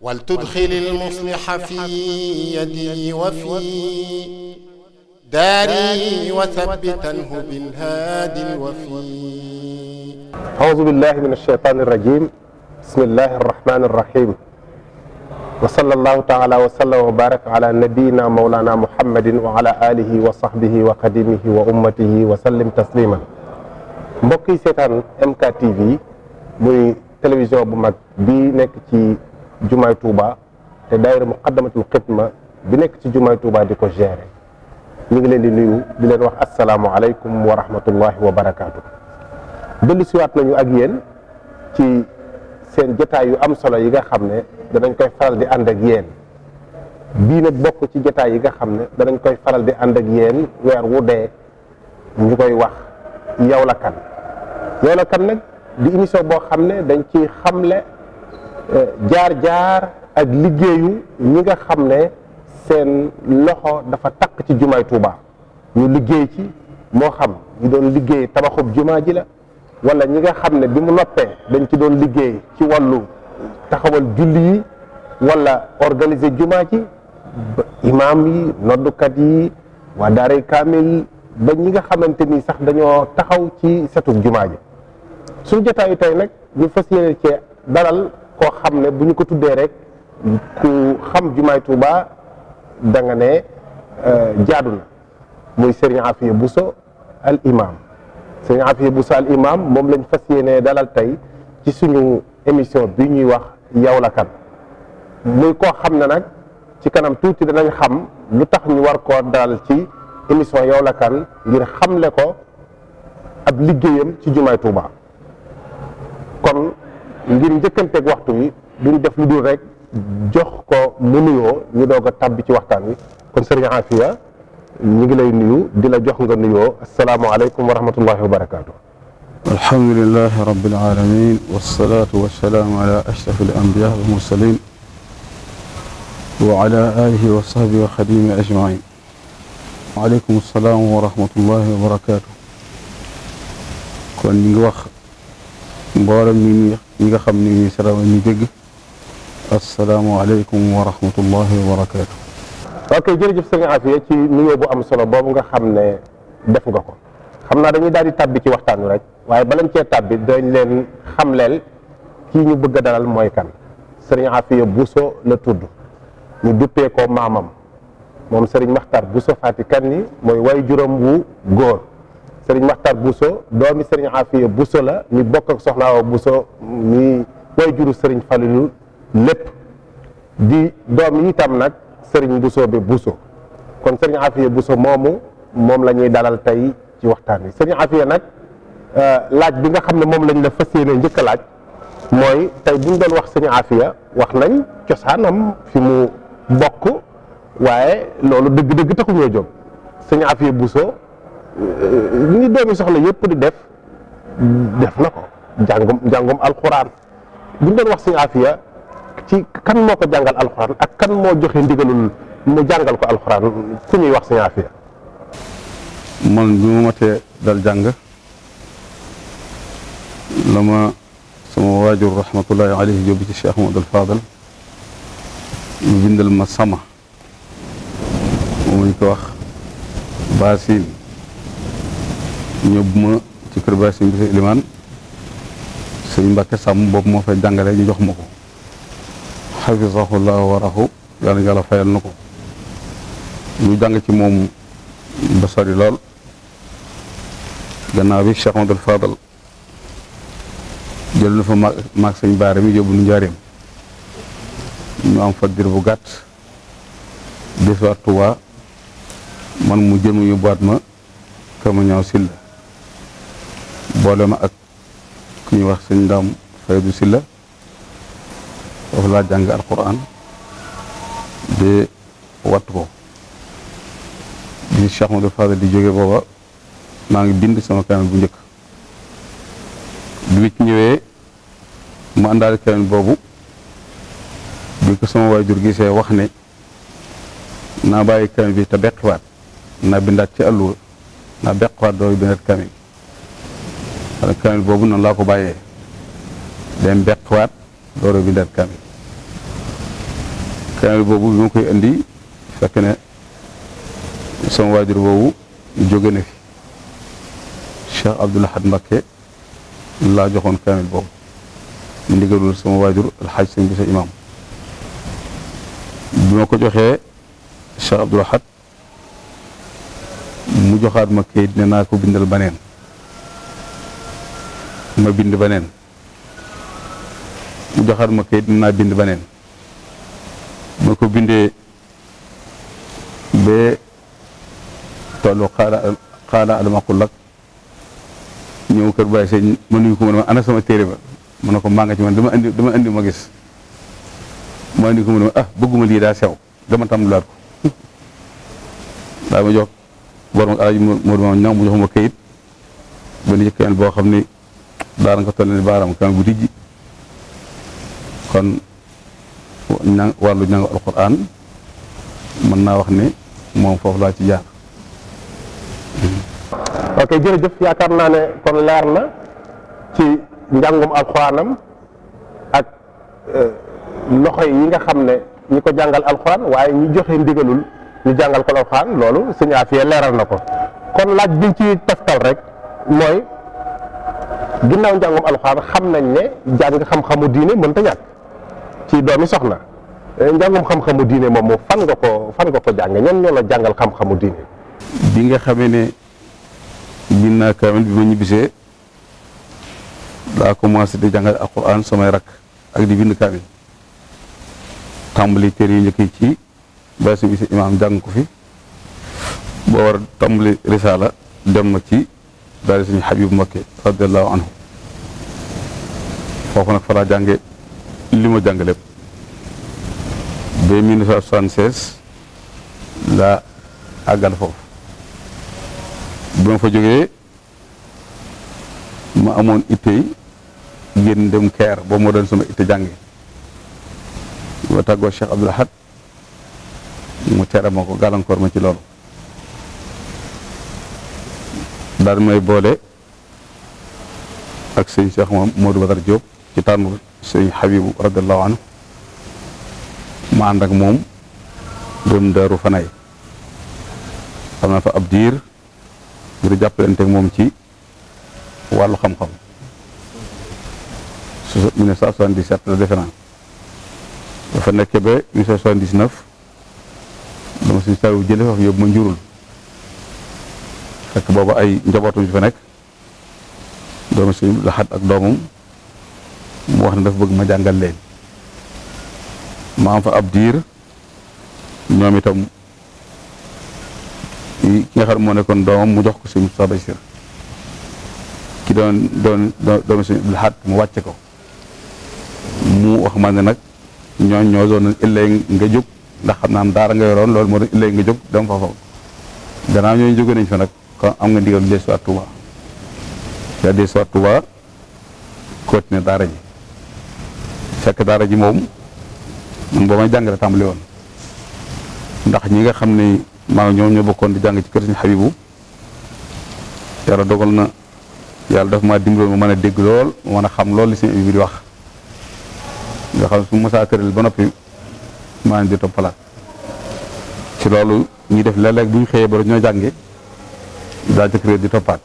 ولتدخل المصلح في يدي وفي داري وثبتنه بالهادي الوفي أعوذ بالله من الشيطان الرجيم بسم الله الرحمن الرحيم وصلى الله تعالى وسلم وبارك على نبينا مولانا محمد وعلى آله وصحبه وقديمه وأمته وسلم تسليما mbokk yi seetaan MK TV muy télévision bu mag bi nekk ci jumaay Touba te daayira muqaddamatul xidma bi nekk ci jumaay Touba di ko gérer ñu ngi leen di nuyu di leen wax asalaamualeykum wa rahmatullahi wa barakaatu. dellu siwaat nañu ak yéen ci seen jataay yu am solo yi nga xam ne danañ koy faral di ànd ak yéen bii nag bokk ci jotaay yi nga xam ne danañ koy faral di ànd ak yéen weer wu dee ñu koy wax yow la nag di émission boo xam ne dañ ci xamle. jaar-jaar ak liggéeyu ñi nga xam ne seen loxo dafa takk ci jumaay Tuuba ñu liggéey ci moo xam ñu doon liggéey tabaxub jumaa ji la wala ñi nga xam ne bi mu noppee dañ ci doon liggéey ci wàllu taxawal julli yi wala organise jumaa ji imaam yi noddukat yi waa daaray kaamil yi ba ñi nga xamante ni sax dañoo taxaw ci setu jumaa ji suñu jotaayu tey nag ñu fas yéene cee dalal koo xam ne bu ñu ko tuddee rek ku xam jumaay Tuuba da nga ne euh, jaadu na muy Serigne Afia Bousso al imam Serigne Afia Bousso al imam moom lañ fas yéenee dalal tey ci suñu émission bi ñuy wax yow la kan muy koo xam ne nag ci kanam tuuti danañ xam lu tax ñu war koo dalal ci émission yow la ngir xamle ko ab liggéeyam ci jumaay Tuuba ngir njëkkanteeg waxtu wi duñ def lu dul rek jox ko mu nuyoo ñu doog a tàbbi ci waxtaan wi kon sëriñ Afia ñu ngi lay nuyu di la jox nga nuyoo asalaamualeykum wa rahmatullahi wa barakaatu. alhamdulilah rabbil alamin wasalaatu wasalaamu ala ashraf al anbiya wal mursalin wa ala alihi wa sahbihi wa xadimi ajmain waaleykum salaam wa rahmatullahi wa barakaatu kon ñu ngi wax mboolem ñu ñi nga xam ni ñuy saraawa ñu dégg asalaamaaleykum wa rahmatullahi wa barakaatu. ok jërëjëf sëñ Afia ci nuyoo bu am solo boobu nga xam ne def nga ko xam naa dañuy daal di tàbbi ci waxtaan wi rek waaye balañ cee tàbbi dañ leen xamleel kii ñu bëgg a dalal mooy kan sëriñ Afia Bousso la tudd ñu duppee ko maamam moom sëriñ Maxtar Bousso Fati kan ni mooy way juróom wu góor. sëriñ Maxtar Bousso doomi sëriñ Afiya Bousso la ñu bokk ak soxna Awa Bousso mi mooy juru sëriñ Falilu lépp di doom yi itam nag sëriñ Bousso bi Bousso kon sëriñ Afiya Bousso moomu moom la ñuy dalal tey ci waxtaan wi sëriñ Afiya nag euh, laaj bi nga xam ne moom lañ la fas yéene njëkk laaj mooy tey buñ doon wax sëriñ Afiya wax nañ cosaanam fi mu bokk waaye loolu dëgg-dëgg taxu ñoo jóg sëriñ Afiya Bousso ni doomi soxla yëpp di def def na ko jàngum jàngum alxuraan buñ doon wax suñu afiya ci kan moo ko jàngal alxuraan ak kan moo joxe ndigalul mu jàngal ko alxuraan ku ñuy wax suñu afiya man bi dal jàng la ma sama waajur rahmatullahi alayhi yóbbu ci Cheikh Ahmadul Fadal mu ma sama moom lañ baasin ñóbbu ci kër Baay Sëñ Basiru sàmm boobu moo fay jàngale ñu jox ma ko xafisahullahu warahu yàlla yàlla na ko ñu jàng ci moom ba sori lool gannaaw bi Cheikh Amadou Fadal jël na fa ma maag sëñ baare yóbbu nu njaareem ñu am fa bu gàtt des waat man mu jëmu yu baat ma kama ñaaw silla boole ma ak ku ñuy wax sëñ Ndaam Faydu Silla foofu laa jàng alquran di wattu ko bi Cheikh Fadal di jóge booba maa ngi bind sama kaamil bu njëkk bi mu ñëwee mu àndaale kaamil boobu bi ko sama waajur gisee wax ne naa bàyyi kaamil bi te beqiwaat naa bindaat ci àlluwa naa beqiwaat dooy bindaat kaamil wala kamil boobu noonu laa ko bàyyee dem bettuwaat door a bindaat kamil kamil boobu bi ma koy indi fekk ne sama waajur boobu jóge na fi Cheikh Abdoul Ahad Mbacké laa joxoon kamil boobu ndigalul sama waajur alxaaj sëñ bi sa imaam bi ma ko joxee Cheikh Abdoul Ahad mu joxaat ma kayit ne naa ko bindal baneen ma bind beneen mu joxaat ma kayit naa bind beneen ma ko bindee ba tollu xaala xaala adama ku lak kër bàyyi sëñ ma nuyu ko ma ne ma ana sama téere ba ma ne ko maa nga ci man dama indi dama indi ma gis ma indi ko ma ne ma ah bëgguma lii daa sew dama tàmbaliwaat ko daa ma jox borom alaaji Modou Mamoune Niang mu jox ma kayit ba ni jëkk boo xam ni daanaka toll ni baaraam kan bu tijji kon ña wàllu ña nga alquran mën naa wax ni moom foofu laa ci jaar. ok jërëjëf yaakaar naa ne kon leer na ci njàngum alquranam ak euh, loxo yi nga xam ne ñu ko jàngal alquran waaye ñu joxe ndigalul ñu jàngal ko alquran loolu suñu affaire leeral na ko kon laaj biñ ci taftal rek mooy. ginnaaw njàngum alxuraan xam nañ ne jàng xam-xamu diine mën ta ñàkk ci doomi soxna eh, njàngum xam-xamu diine moom moom fan nga ko fan nga ko jàng ñan ñoo la jàngal xam-xamu diine bi nga xamee ne bind naa kaamil bi ma ñibbisee daa commencé di jàngal alxuraan samay rakk ak di bind kaamil tàmbali téere yu njëkk yi ci bàyyi suñu imaam jàng ko fi boo war a risaala dem na ci daal di suñu Habib Mbakke radiallahu anhu foofu nag faraa jànge li ma jàng lépp ba 1976 laa àggal foofu ba ma fa jógee ma amoon ittey génn dem keer boobu moo doon sama itte jànge ma tàggoo Cheikh Abdoul Ahad mu tere ma ko gàllankoor ma ci loolu daal may boole ak sëñ Cheikh moom Modou Badar Diop ci tànn sëñ Habibu radiyallahu anhu ma ànd ak moom dem Daaru fanay xam naa fa ab diir ngir jàppalanteeg moom ci wàllu xam-xam su 1977 la defe naa dafa nekk ba 1979 dama sëñ Saliou jële fa yóbbu ma njurul fekk boobu ay njabootum fi fa nekk doomu si laxat ak doomam mu wax ne dafa bëgg ma jàngal leen ma fa ab diir ñoom itam ki nga xam moo nekkoon doomam mu jox ko simu Moussa Bachir ki doon doon doomu si laxat mu wàcce ko mu wax ma ne nag ñoo ñoo doon ëllëg nga jóg ndax xam naa daara nga yoroon loolu moo doon ëllëg nga jóg dem fa fa gannaaw ñooñu jóge nañ fa nag kon am nga ndigal de siwaat Tuuba nga del siwaat daara ji fekk daara ji moom man boo may jàngale tàmbali woon ndax ñi nga xam ni maa ñoo ñoo bokkoon di jàng ci kër Sëñ Xabibu yàlla dogal na yàlla daf maa dimbali ma mën a dégg lool ma mën a xam lool li Sëñ Xabibu di wax nga xam su mosaa tëral ba noppi maa ngi di toppalaat ci loolu ñuy def léeg-léeg bu ñu xëyee ba ñoo jànge daal ca kër di toppaat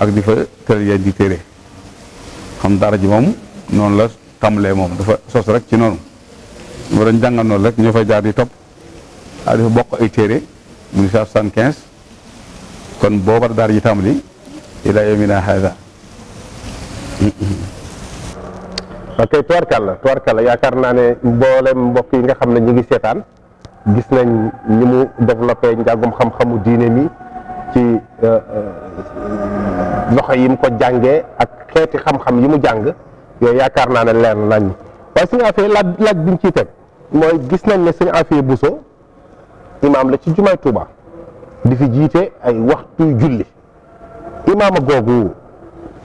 ak di fa tëral yaay di téere xam daara ji moom noonu la tàmbalee moom dafa sos rek ci noonu moo dañ jàngal noonu rek ñoo fay jaar di topp ak di fa bokk ay téere mu ni soixante quinze kon booba daara ji tàmbali ilaa yawmina haada ok tuwarkal la tuwarkal la yaakaar naa ne mboolem mbokk yi nga xam ne ñu ngi seetaan gis nañ ni mu développé njàngum xam-xamu diine mi Euh, euh, loxo yi mu ko jànge ak xeeti xam-xam yi mu jàng yooyu yaakaar naa ne leer nañ waaye suñu affaire laaj laaj bi ciy teg mooy gis nañ ne suñu affaire Bousso imaam la ci jumaay Touba di fi jiite ay waxtu julli imaama googu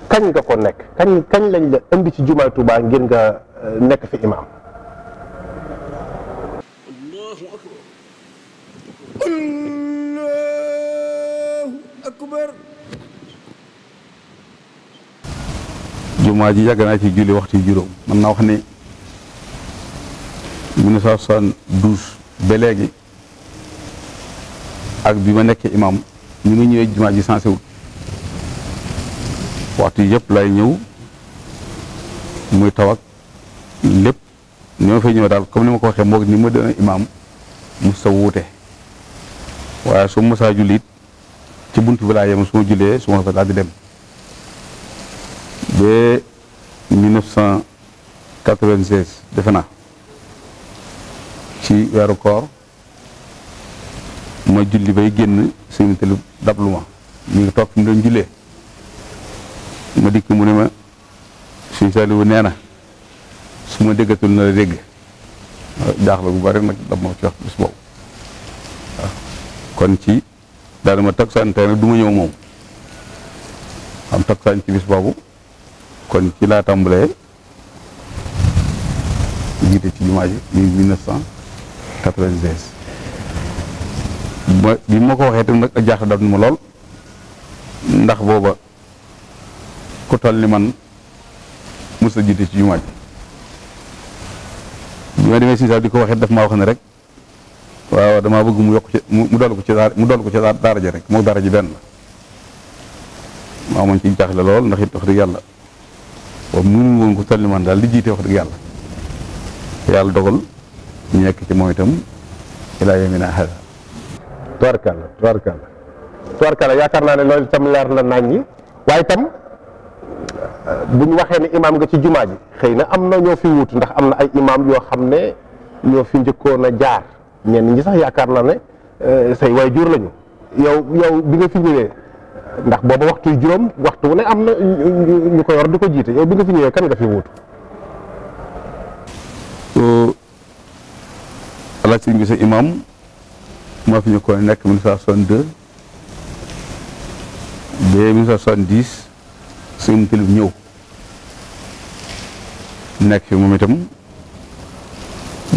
kañ nga ko nekk kañ kañ lañ la indi ci jumaay Touba ngir nga euh, nekk fi imaam. akbar jumaa ji yàgg naa ci julli waxtu yu juróom man na wax ni 1972 ba léegi ak bi ma nekkee imam ñu ngi ñëwee jumaa ji sensé wut waxtu yëpp lay ñëw muy taw ak lépp ni ma fay ñëw daal comme ni ma ko waxee moo ni ma doon imaam mu sa wuute waaye su mosaa jullit ci bunt wilaaya ma su ma jullee su ma fa daal di dem ba defe naa ci weeru koor ma julli bay génn suñu tëli dablu ma ñu ngi toog fi doon jullee ma dikk mu ne ma suñu saliwu nee na suma ma déggatul na la dégg jaaxle bu bari nag dama ci wax bis boobu kon ci daal ma taksaan tey nag du ma ñëw moom am taksaan ci bis boobu kon ci laa tàmbalee jiite ci jumaa ji muy 1996 ma bi ma ko waxee tam nag ak jaaxle daf ma lool ndax booba ku toll ni man mos a jiite ci jumaa ji bi ma demee si saa di ko waxee daf maa wax ne rek. waaw damaa bëgg mu yokk ci mu dolli ko ci daara mu dolli ko ci daara ji rek moom daara ji benn la maa moon ci jaaxle lool ndax it wax dëgg yàlla waaw mënu woon ko tolli man daal di jiite wax dëgg yàlla yàlla dogal ñu nekk ci moom itam ilaa yamina yaakaar naa ne loolu itam leer na naañ ñi waaye itam bu ñu waxee ne imaam nga ci jumaa ji xëy na am na ñoo fi wut ndax am na ay imaam yoo xam ne ñoo fi njëkkoon a jaar ñenn ñi sax yaakaar naa ne euh, say waay lañu yow yow bi nga fi ñëwee ndax booba waxtu juróom waxtu ne am na ñu ko yor di ko jiite yow bi nga fi ñëwee kan nga fi wuutu. alaaj sëñ ñu ko nekk mu ba 1970 suñu kilif ñëw nekk fi moom itam.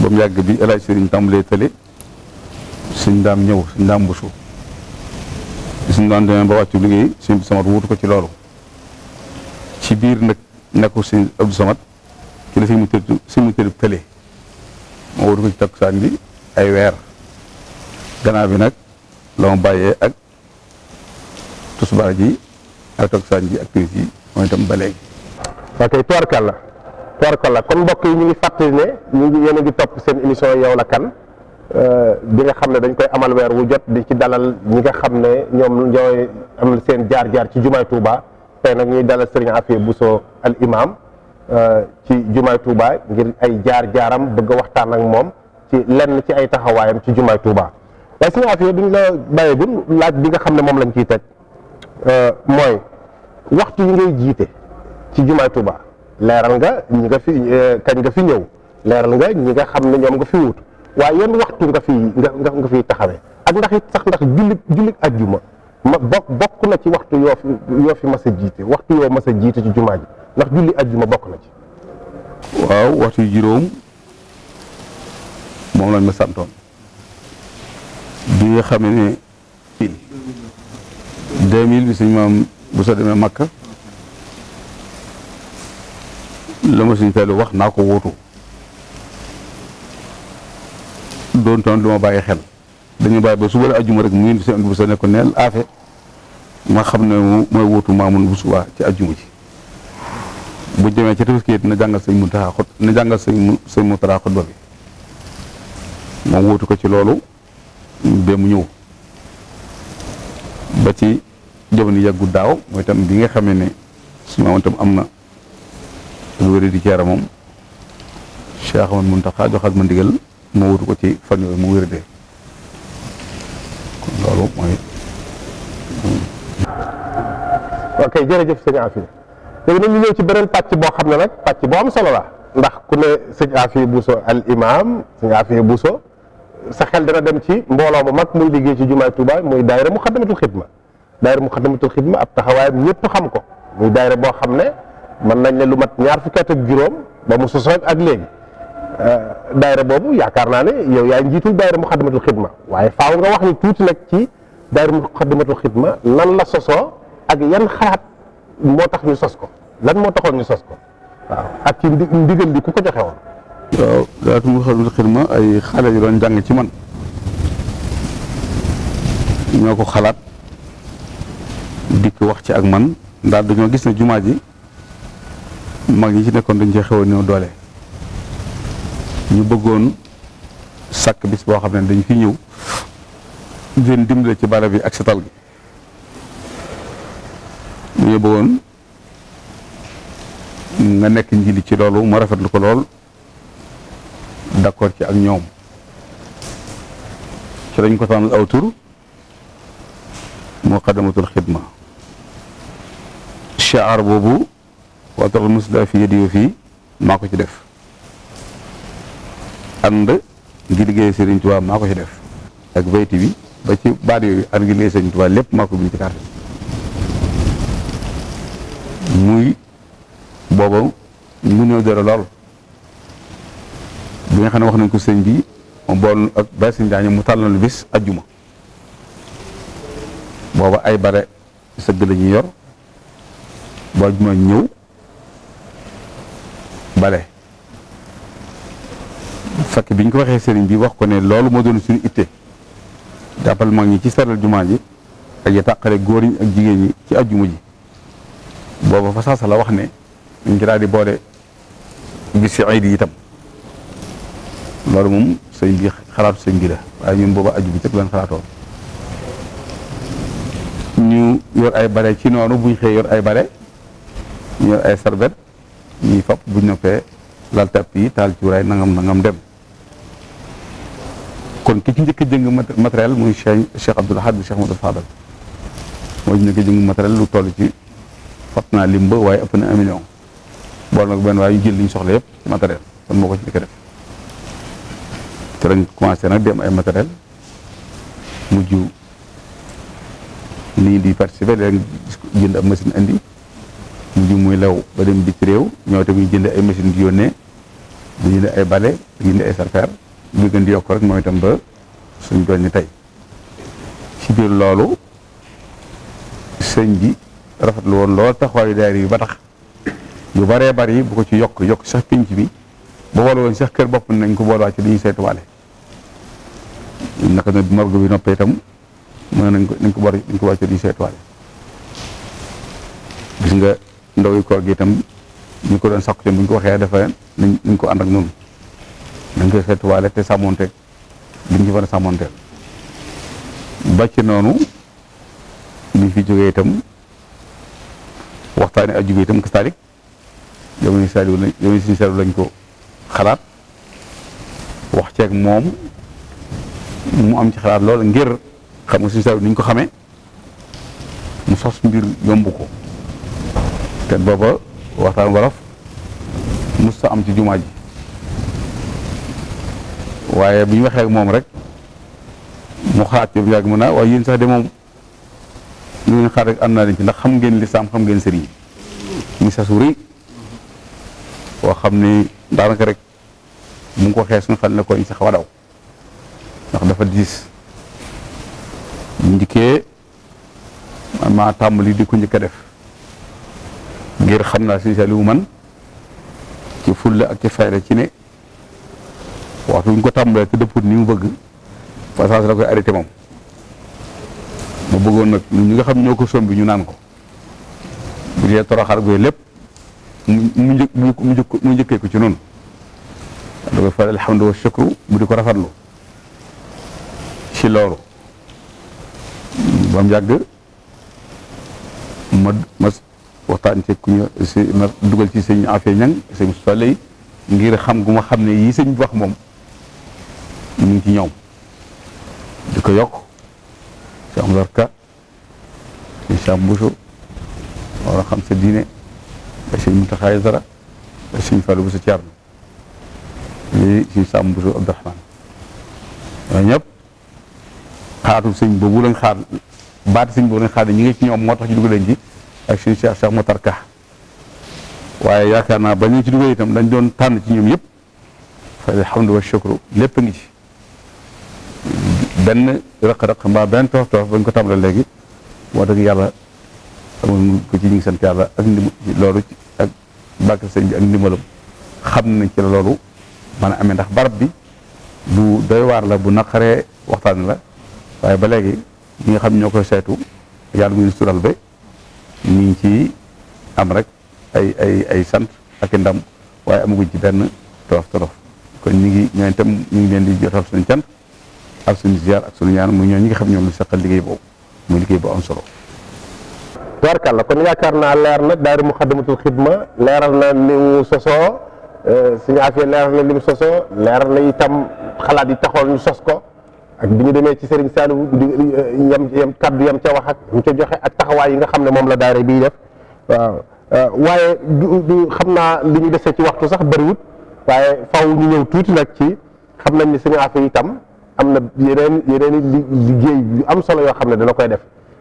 ba mu yàgg bi El Hadj Serigne tàmbalee tële suñ daam ñëw suñ daam busu suñ daam demee ba wàccu liggéey suñ bi samat wuutu ko ci loolu ci biir nag nekku suñ Abdou Samat ci la si mu tëdd suñ mu tëdd moo wutu ko ci takkusaan bi ay weer gannaaw bi nag la ma bàyyee ak tusbaar ji ak takkusaan ji ak timis yi mooy itam ba Tubaarkalla kon mbokk yi ñu ngi fàtte ne ñu ngi a ngi topp seen émission yow la kan euh, bi nga xam ne dañ koy amal weer wu jot di ci dalal ñi nga xam ne ñoom ñooy am seen jaar jaar ci jumaay Touba tey nag ñuy dalal Serigne Afia Bousso al imam euh, ci jumaay Touba ngir ay jaar jaaram bëgg waxtaan ak moom ci lenn ci ay taxawaayam ci jumaay Touba waaye Serigne Afia duñ la bàyyeegul laaj bi nga xam ne moom lañ ciy teg euh, mooy waxtu yi ngay jiite ci jumaay Touba. leeral nga ñi nga fi eh, kañ nga fi ñëw leeral nga ñi nga xam ne ñoom nga fi wut waaye yan waxtu nga fi nga nga taxawee ak ndax it sax ndax jullit jullit ajjuma ma bokk bokk na ci waxtu yoo fi yoo fi mas a jiite waxtu yoo mas a jiite ci jumaa bokk na ci. waaw waxtu yu juróom moom lañ ma santoon bi nga xam ne. 2000 bi suñ maam bu soo demee Makka. la ma suñ felu wax naa ko wóotu doon toon lu ma bàyyi xel dañu bàyyi ba suba la ajjuma rek mu ngi seen bu sa nekkoon neel aafe ma xam ne mooy wóotu maamun bu subaa ci ajjuma ci bu demee ca tefis na jàngal sëñ mu taxaa na jàngal sëñ sëñ mu taxaa xot ba bi moom wóotu ko ci loolu ba mu ñëw ba ci jamono yàggu daaw mooy tam bi nga xamee ne suñu maamoon tam am na muy wéri di ci yaramam Cheikh Ahmad Muntaxa joxaat ma ndigal ma wutu ko ci fan yooyu mu wér de kon mooy. Hmm. ok jërëjëf sëñ Afi léegi nag ñu ñëw ci beneen pàcc boo xam ne nag pàcc boo am solo la ndax ku ne sëñ Afi Bousso al imam sëñ Afi Bousso sa xel dana dem ci mbooloo mu mag muy liggéey ci jumaay Tuuba muy daayira mu xaddamatul xidma daayira mu xaddamatul xidma ab taxawaayam ñëpp xam ko muy daayira boo xam ne. mën nañ ne lu mat ñaar fukkat ak juróom ba mu sosoo ak léegi euh, daayira boobu yaakaar naa ne yow yaay njiitul daayira Muxaddamatul Xidma waaye faaw nga wax ni tuuti nag ci daayira Muxaddamatul Xidma lan la sosoo ak yan xalaat moo tax ñu sos ko lan moo taxoon ñu sos ko waaw ak ci ndigal li ku ko joxe woon. waaw daayira Xidma ay xale yu doon jàng ci man ñoo ko xalaat dikk wax ci ak man ndax dañoo gis ne jumaa ji. mag ñi ci nekkoon dañ cee xew néew doole ñu bëggoon sàkk bis boo xam ne dañ fi ñëw di leen dimbale ci barab bi ak setal gi dañoo bëggoon nga nekk njili ci loolu mu rafetlu ko lool d'accord ci ak ñoom ci lañ ko tànnal aw tur muqaddamatul xidma chaar boobu wa taral musla fi yadiyo fii maa ko ci def ànd ngi liggéey Sëriñ Tuubaa maa ko ci def ak bayti bi ba ci baat yooyu ànd ngi liggéey Sëriñ Tuubaa lépp maa ko bind ci carte muy booba mu néew dara lool bi nga xam ne wax nañ ko sëñ bi moom bool ak bay mu tàll na lu bis ajjuma booba ay bare sëgg la ñuy yor boo ajjuma ñëw bale fakk bi ñu ko waxee sëriñ bi wax ko ne loolu moo doon suñu itte jàppal mag ñi ci saral jumaa ji ak ya tàqale góor ñi ak jigéen ñi ci ajjuma ji booba fa saasa la wax ne ñu ci daal di boole bis si aydi itam loolu moom sëñ bi xalaatu sëñ bi waaye ñun booba ajju bi cëg leen xalaatoon ñu yor ay bale ci noonu buñ xëy yor ay bale ñu yor ay sarbet ñuy fab bu ñu noppee lal tàpp yi taal cuuraay nangam nangam dem kon ki ci njëkk jëng matériel muy Cheikh Cheikh Abdoul Ahad Cheikh Modou Fadal mooy njëkk a jëng lu toll ci fat naa lim ba waaye ëpp na un bool nag benn waaye yu jël soxla yëpp ci matériel kon moo ko ci njëkk def te dañ commencé nag dem ay matériel mujj ni di participer léegi jënd ab machine indi nju muy law ba dem biti réew ñoo tamit jënd ay machine di yónnee di jënd ay bale di jënd ay sarkar muy gën di yokk rek mooy tam ba suñ doon ni tey ci biir loolu sëñ bi rafetlu woon lool taxawaayu daayira yu ba tax yu baree bari bu ko ci yokk yokk sax pinc bi ba boole woon sax kër bopp nañ ko boolewaa ci li ñuy saytuwaale naka nag morgue bi noppee tam mën nañ ko nañ ko boole nañ ko boole ci li ñuy saytuwaale ndawi koor gi itam ñu ko doon sakku te ko waxee dafa nañ nañ ko ànd ak noonu nañ koy seetuwaale te sàmmonte li ci war a sàmmonteel bàcc noonu ñu fi jógee itam waxtaane ak jógee itam kastaalik jamono saaliw lañ jamono suñu saaliw lañ ko xalaat wax ceeg moom mu am ci xalaat lool ngir xam nga suñu saaliw ko xame mu sos mbir yomb ko te booba waxtaan wolof musta am ci jumaa ji waaye bu ñu waxee ak moom rek mu xaat ci yàgg mu naa waaye yéen sax de moom lu ngeen xaar rek am na leen ci ndax xam ngeen lislaam xam ngeen sëriñ mi sa suri boo xam ni daanaka rek mu ngi ko xees nga xam ne koñ si xaw a daw ndax dafa diis bu njëkkee maa tàmbali di ko njëkk def ngir xam naa si Saliou man ci fulla ak ci fayda ci ne waxtu ñu ko tàmbalee te dëpput ni mu bëgg façage la koy arrêté moom mu bëggoon nag ñi nga xam ñoo ko sombi ñu naan ko bu dee toroxaar goy lépp mu mu njëkkee ko ci noonu da koy faral alhamdu wa shukru mu di ko rafetlu ci loolu ba mu yàgg ma ma waxtaan ceeg ku ñu si ma dugal ci sëñ Afia Ñang sëñ Moustapha ngir xam gu ma xam ne yii sëñ bi moom ñu ngi ci ñoom di ko yokk si Amar Ka si Sam Bousso war a xam sa diine ba sëñ Mountakha Aïdara ba sëñ Fallou Bousso Thierno lii si Sam Bousso Abdourahmane ñooñu ñëpp xaatu sëñ boobu lañ xaar baati sëñ boobu lañ xaar ñu ngi ci ñoom moo tax ñu dugal leen ci ak suñu Cheikh Cheikh Matar Ka waaye yaakaar naa ba ñu ci duggee itam dañ doon tànn ci ñoom yëpp fa alhamdu wa shukru lépp a ngi ci benn rëq-rëq mbaa benn toof toof bañ ko tàmbalee léegi moo tax yàlla amoon ko ci ñu ngi sant yàlla ak ndim loolu ak bàkk sëñ bi ak ndimbalam xam nañ ci la loolu man a amee ndax barab bi bu doy waar la bu naqaree waxtaan la waaye ba léegi ñi nga xam ñoo koy saytu yàlla muy sural ñu ngi ci am rek ay ay ay sant ak ndam waaye amaguñ ci benn torof torof kon ñu ngi ñooñu itam ñu ngi leen di jotal suñu cant ak suñu ziar ak suñu ñaan muy ñoo ñi nga xam ñoom lu saqal liggéey boobu muy liggéey boo am solo tubarkàlla kon yaakaar naa leer na daari muxaddamatul xidma leeral na li mu sosoo eh, suñu affaire leeral na li mu sosoo leeral na itam xalaat yi taxool ñu sos ko ak bi ñu demee ci Serigne Saliou di eh, yam yam kaddu yam ca wax ak mu ca joxe ak taxawaay yi nga xam ne moom la daare bii def waaw eh, waaye du xam naa li ñu dese ci waxtu sax bëriwut waaye faw ñu ñëw tuuti nag ci xam nañ ni suñu affaire yi itam am na yeneen yeneen liggéey yu am solo yoo xam ne dana koy def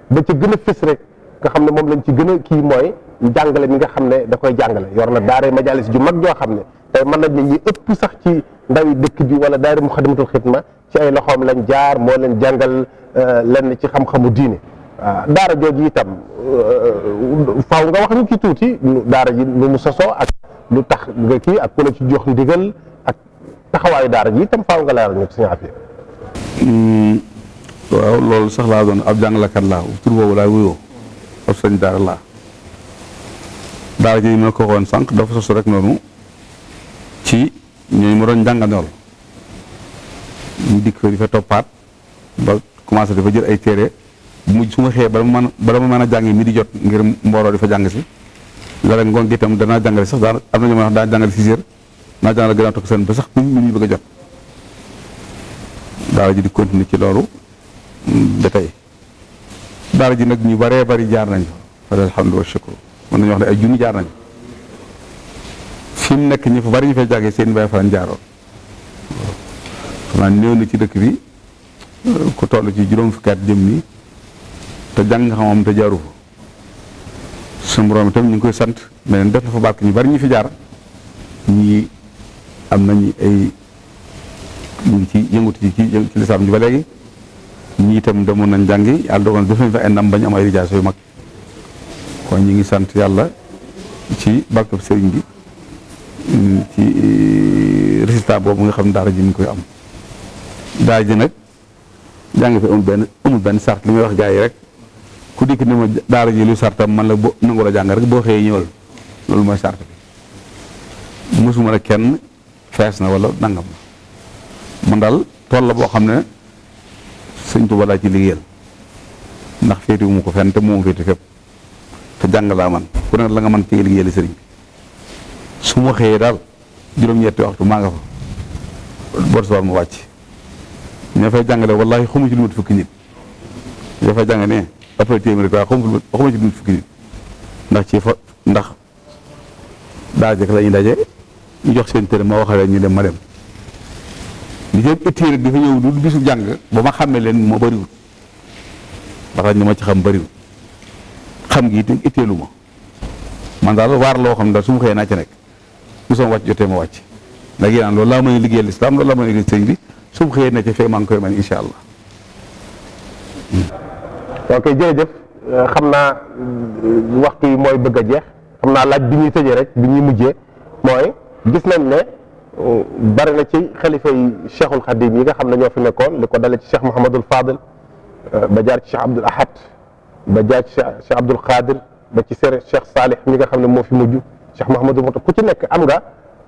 ba ci gën a fës rek nga xam ne moom lañ ci gën a kii mooy jàngale mi nga xam ne da koy jàngale yor na daara majalis ju mag joo xam ne tey mën nañ ñi ëpp sax ci ndawi dëkk bi wala daayira Muxaddamatul Xidma ci ay loxoom lañ jaar moo leen jàngal euh, lenn ci xam-xamu diine waaw euh, daara jooju itam euh, faaw nga wax ñu ci tuuti daara ji lu mu sosoo ak lu tax nga kii ak ku la ci jox ndigal ak taxawaayu daara ji itam faaw nga leeral ñu hmm, loolu sax laa doon ab jàngalekat laa tur boobu laay wuyoo rek noonu ci ñooñu mu doon jàngandool ñu dikk fa di fa toppaat ba commencé dafa jël ay téere mujj su ma xëyee ba ma mën bala ma mën a jàngi mi di jot ngir mbooloo di fa jàng si la rek ngoon gi danaa jàngale sax daan am na ñoo ma wax daan jàngale six heures naa jàngale gën a toog seen ba sax mu ñu bëgg a jot daara ji di continuer ci loolu ba tey daara ji nag ñu baree bari jaar nañ fa alhamdu wa shukru mën nañu wax ne ay junni jaar nañ fi mu nekk ñi fa bari ñu fay jàngee seen Baay Faal njaaroon xanaa néew na ci dëkk bi ku toll ci juróom fukki jëm nii te jàng xam-xam te jaaru fa suñu borom itam ñu ngi koy sant mais def na fa barke ñu bari ñu fi jaar ñii am nañu ay ñu ngi ci yëngatu ci ba léegi ñii demoon nañ jàngi yàlla dogal def nañ fa ay ndam am ay rijaas yu mag kon ñu ngi sant yàlla ci barkab sëriñ bi. leen ci résultat boobu nga xam ne daara ji mi ngi koy am daara ji nag jàng fi amul benn amul benn sart li may wax gars yi rek ku dikk ni ma daara ji lu sartam man la boo nangu la jàng boo xëyee ñëwal loolu mooy sart mosuma la kenn fees na wala nangam la man daal tool la boo xam ne sëñ Tuba daa ci liggéeyal ndax féete wu mu ko fenn te moom féete fépp te jàng laa man ku ne la nga mën ci liggéeyal sëriñ bi suma ma xëyee daal juróom-ñetti waxtu maa nga fa borsuwaar mu wàcc ña fay jàngale wallahi xamu ci lu mat fukki nit ña fay jàng ne après fukki nit ndax ci fa ndax daa jëkk la ñuy daje jox seen tërë ma waxale ñu dem ma dem li jëm étier rek dafa ñëw du bisu jàng ba ma xàmmee leen moo bëriwul ndax dañ ma ci xam bëriwul xam ngi itam étieru ma man daal waar loo xam ne daal su ma xëyee naa ci nekk bu sama wàcc jotee ma wàcc ndax yéen loolu laa mën a liggéey lislaam loolu laa mën a liggéeyal sëñ bi su xëyee na ca fee maa ngi koy mën incha allah. Hmm. ok jërëjëf euh, xam naa euh, waxtu yi mooy bëgg a jeex xam naa laaj bi ñuy tëjee rek bi ñuy mujjee mooy gis nañ ne euh, bari na ci xalifa yi cheikhul xadim yi nga xam ne ñoo fi nekkoon li ko dale ci cheikh Mouhamadul Fadil ba jaar ci cheikh Abdoul Ahad ba jaar ci cheikh Abdoul Khadir ba ci seer cheikh Salih mi nga xam ne moo fi mujj. Cheikh Mouhamadou Mouta ku ci nekk am nga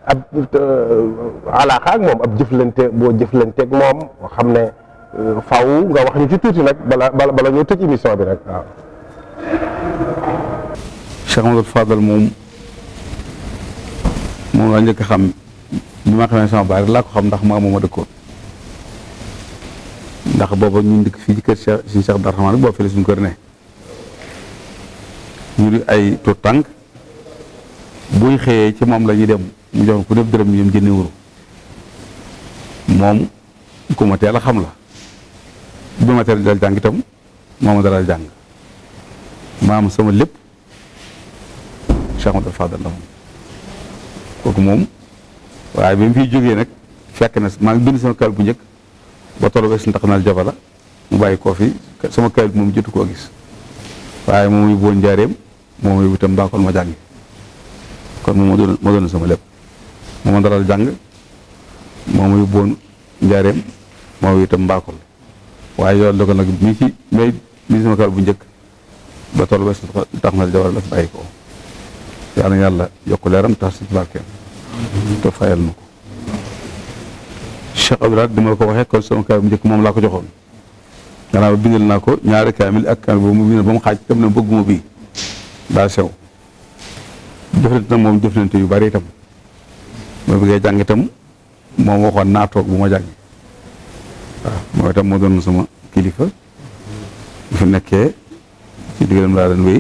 ab euh, alaaxa moom ab jëflante boo jëflanteeg moom xam ne euh, faw nga wax ñu ci tuuti nag bala bala bala ñoo tëj émission bi nag waaw. Cheikh moom laa njëkk xam bi ma xamee sama baay laa ko xam ndax maa moom a dëkkoon ndax booba ñu dëkk fii ci kër Cheikh si Cheikh Abdourahmane rek boo suñu kër ne ñu di ay tur tànk buy xëyee ci moom la ñuy dem mu jox ku nekk dërëm yam jënde wuro moom ma teel a xam la bi ma teel dal jàng itam moom dalal jàng maam sama lépp Cheikh Amadou Fadal la moom kooku moom waaye bi mu fiy jógee nag fekk na maa ngi bind sama kawal bu njëkk ba tollu wees ndax nal jabala mu bàyyi koo sama kawal bi moom jotu koo gis waaye moom yóbbu woon njaareem moom yóbbu itam mbaakoon ma jàngi kon moom moo doon moo doon sama moo ma dalal jàng moo ma yóbboon njaareem moo itam mbaakol waaye yoon dogal nag mi ci may mi sama kër bu njëkk ba tool ba tax na jawar la fi bàyyi ko yàlla na yàlla yokk leeram tax si barkeem te fayal ko Cheikh Abdoulaye dama ko waxee kon sama kaamil bu njëkk moom laa ko joxoon gannaaw bindal naa ko ñaari kaamil ak kaamil boobu mu bindal ba mu xaaj tam na bëgguma bii daa sew jëflante na moom jëflante yu bari tam moo bëggee jàng itam moom waxoon naa toog bu ma jàng waaw mooy itam moo doon sama kilifa bu fi nekkee ci digalam laa doon wéy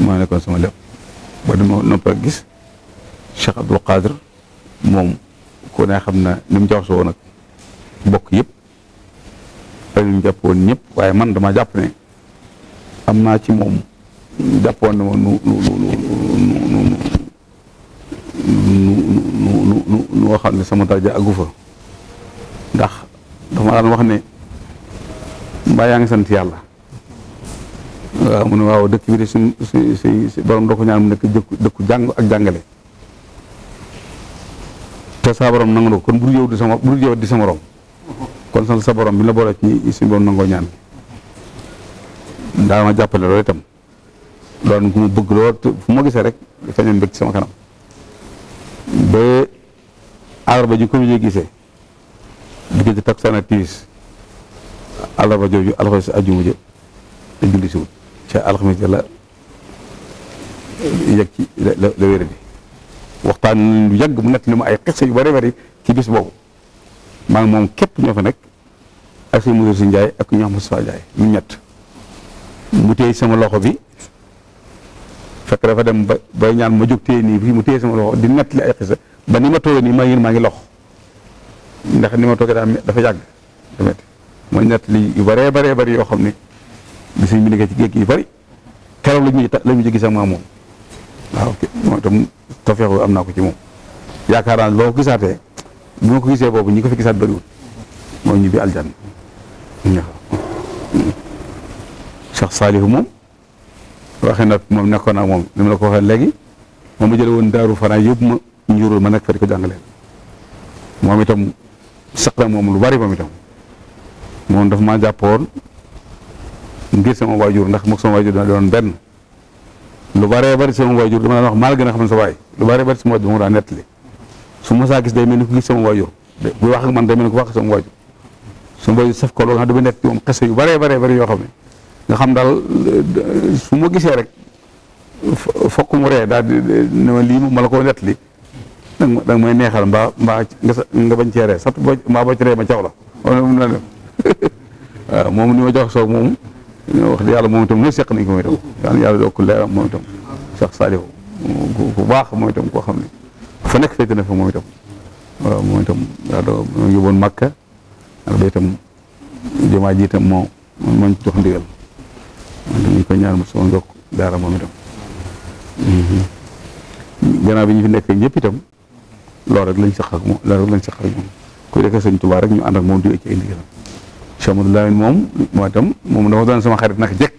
moo nekkoon sama lépp ba dama nopp ak gis Cheikh Abdou Khadr moom ku ne xam na ni mu jaxasoo woon ak bokk yëpp ak ni mu jàpp ñëpp waaye man dama jàpp ne am naa ci moom jàppoon na ma nu nu nu nu nu nu noo xam ne sama daraja àggu fa ndax dafa ma daan wax ne mbaa yaa ngi sant yàlla waaw mu ne waaw dëkk bi de si si si borom doo ko ñaan mu nekk dëkku jàng ak jàngale te sa nangu na ko kon bu dul yow di sama bu kon sant sa borom bi la boole ci ñi suñ borom nangoo ñaan daa ma jàppale loolu itam doon ku mu bëgg lool fu ma gisee rek feeñal mbëgg sama kanam ba àllarba ji ko ñu gisee diggante takkusaan ak timis àllarba jooju alxames ajjuma ja julli si wut ca alxames ja la yegg ci la la la bi waxtaan lu yàgg mu nekk li ma ay xese yu bëri bëri ci bis boobu maa ngi moom képp ñoo fa nekk ak seen mënul si njaay ak ñoo xam ne Moustapha Ndiaye ñun ñett mu téye sama loxo bi. fekk dafa dem ba bay ñaan ma jóg téye nii fii mu téye sama loxo di nettali ay xisa ba ni ma toogee nii maa ngi maa ngi lox ndax ni ma toogee daa dafa yàgg tamit mooy nettali yu bëree bëree bëri yoo xam ne gis nañ bi nekkee ci géej gi yu bëri keroog lañ mujj lañ mujj gis ak moom waaw moom itam tawfeex am naa ko ci moom yaakaar naa boo ko gisaatee bi ko gisee boobu ñi fi gisaat bëriwul moom ñu aljan Cheikh Salihu moom waxe nag moom nekkoon ak moom li ma la ko waxee léegi moom ma jële woon daaru faran yóbbu ma njurul ma nekk fa di ko jàngalee moom itam saq na moom lu bari moom itam moom dafa maa jàppoon ngir sama waajur ndax mook sama waajur dina doon benn lu baree bari sama waajur dama daan wax maa la gën a xam sa waay lu baree bari sama waajur dama daan nettali su ma saa gis day mel ni ko gis sama waajur bu wax man day mel ni ko wax sama waajur sama waajur saf ko loolu nga xam ne du ma nekk yu baree baree bari yoo xam ne nga xam daal su ma gisee rek fokk mu ree daal di ne ma lii moom ma la koo net li danga may neexal mbaa mbaa nga bañ cee sat boo mbaa boo ree ma caw la moom ni ma jox soow moom yàlla moom itam ne seq nañ ko moom itam yàlla doo dokk leeram moom itam Cheikh Saliou ku baax moom itam koo xam ne fa nekk féete na fa moom itam waaw Makka ak ba itam jamaa ji itam moo moo ñu jox ndigal ñu ko ñaan mu sama ndokk daara moom itam mhm. gannaaw bi ñu fi nekk ñëpp itam loolu rek lañ sax ak moom lañ sax ak moom ku rek ñu ànd ak moom di ci ay moom moo itam moom dafa doon sama jekk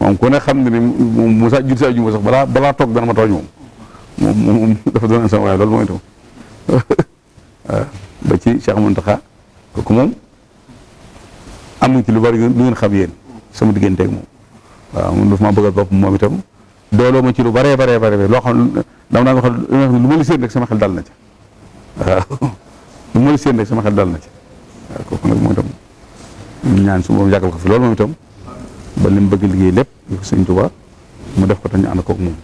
moom ku xam ne ni moom mu sa saa ju ma balaa balaa toog ma tooñ moom dafa doon sama waaye loolu moom itam waaw ba ci Cheikh am ci lu bari lu xam yéen sama digganteeg moom waaw mun dafa maa bëggal bopp moom itam dooloo ma ci lu baree baree bare loo xam dama daan wax lu ma li seen rek sama xel dal na ci lu ma li seen rek sama xel dal na ci waaw moom itam ñaan su moom yàggal ko fi loolu moom itam ba li bëgg liggéey lépp yu mu def ko te ñu ànd koog moom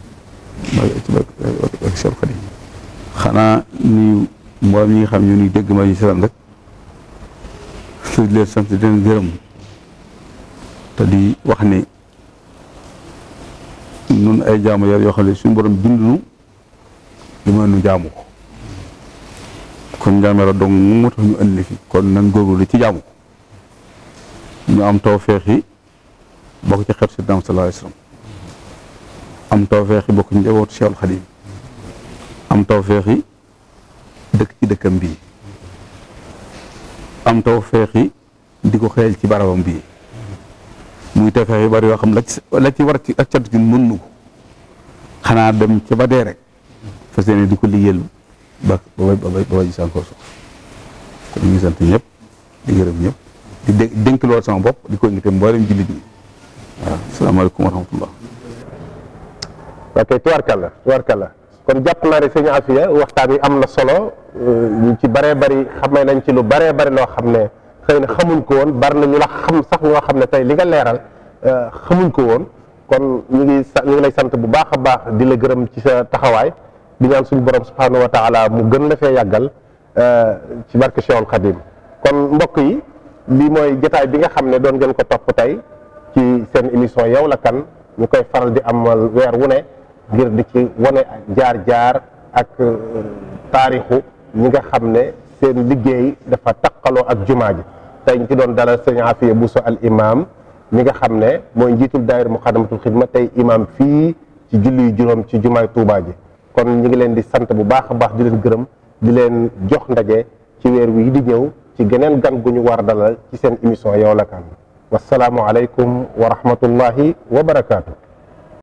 ñi nga xam ñu nuy dégg ma ñu seetaan rek su leen sant di leen te di wax ni nun ay jaamu yar yoo xam ne suñu borom bind nu li mooy nu jaamu ko kon jaamu yàlla dong moo tax ñu andi fi kon nan góorgóorlu ci jaamu ko ñu am tawféex yi bokk ci xeetu Seydina sallallahu alayhi wasallam am tawféex yi bokk ci njabootu am bii am tawféex yi di ko xeel ci barabam bii muy tefeex yu bari yoo xam la ci war a ci ak cant gi mën nu ko xanaa dem ca ba dee rek fas yéene di ko liggéeyal ba ba ba ba gis encore kon ngi sant ñëpp di gërëm ñëpp di dé sama bopp di ko invité mboolem jullit ñi waaw salaamaaleykum wa rahmatullah. ok tubarkalla tubarkalla kon jàpp naa ne sëñ Afia waxtaan yi am na solo ñu ci baree bari xamee nañ ci lu baree bari loo xam ne. xëy na xamuñ ko woon bari na ñu la xam sax ñoo xam ne tey li nga leeral euh, xamuñ ko woon kon ñu ngi ñu ngi lay sant bu baax a baax di la gërëm ci sa taxawaay di ñaan suñu borom subhanahu wa mu gën la fee yàggal euh, ci barke Cheikhul kon mbokk yi lii mooy jotaay bi nga xam ne doon ngeen ko topp tey ci seen émission yow la kan ñu koy faral di amal weer wu ne ngir di ci wane jaar jaar ak euh, taarixu ñi nga xam ne seen liggéey dafa taqaloo ak jumaa ji tey ñu doon dalal sëñ Afiya Bousso al imam mi nga xam ne mooy njiitul daayir muqaddamatul xidma tey imam fii ci julli juróom ci jumaay Tuubaa ji kon ñu ngi leen di sant bu baax a baax di leen gërëm di leen jox ndaje ci weer wi di ñëw ci geneen gan gu ñu war a dalal ci seen émission yow la kan wasalaamualeykum wa rahmatullahi wa barakaatu.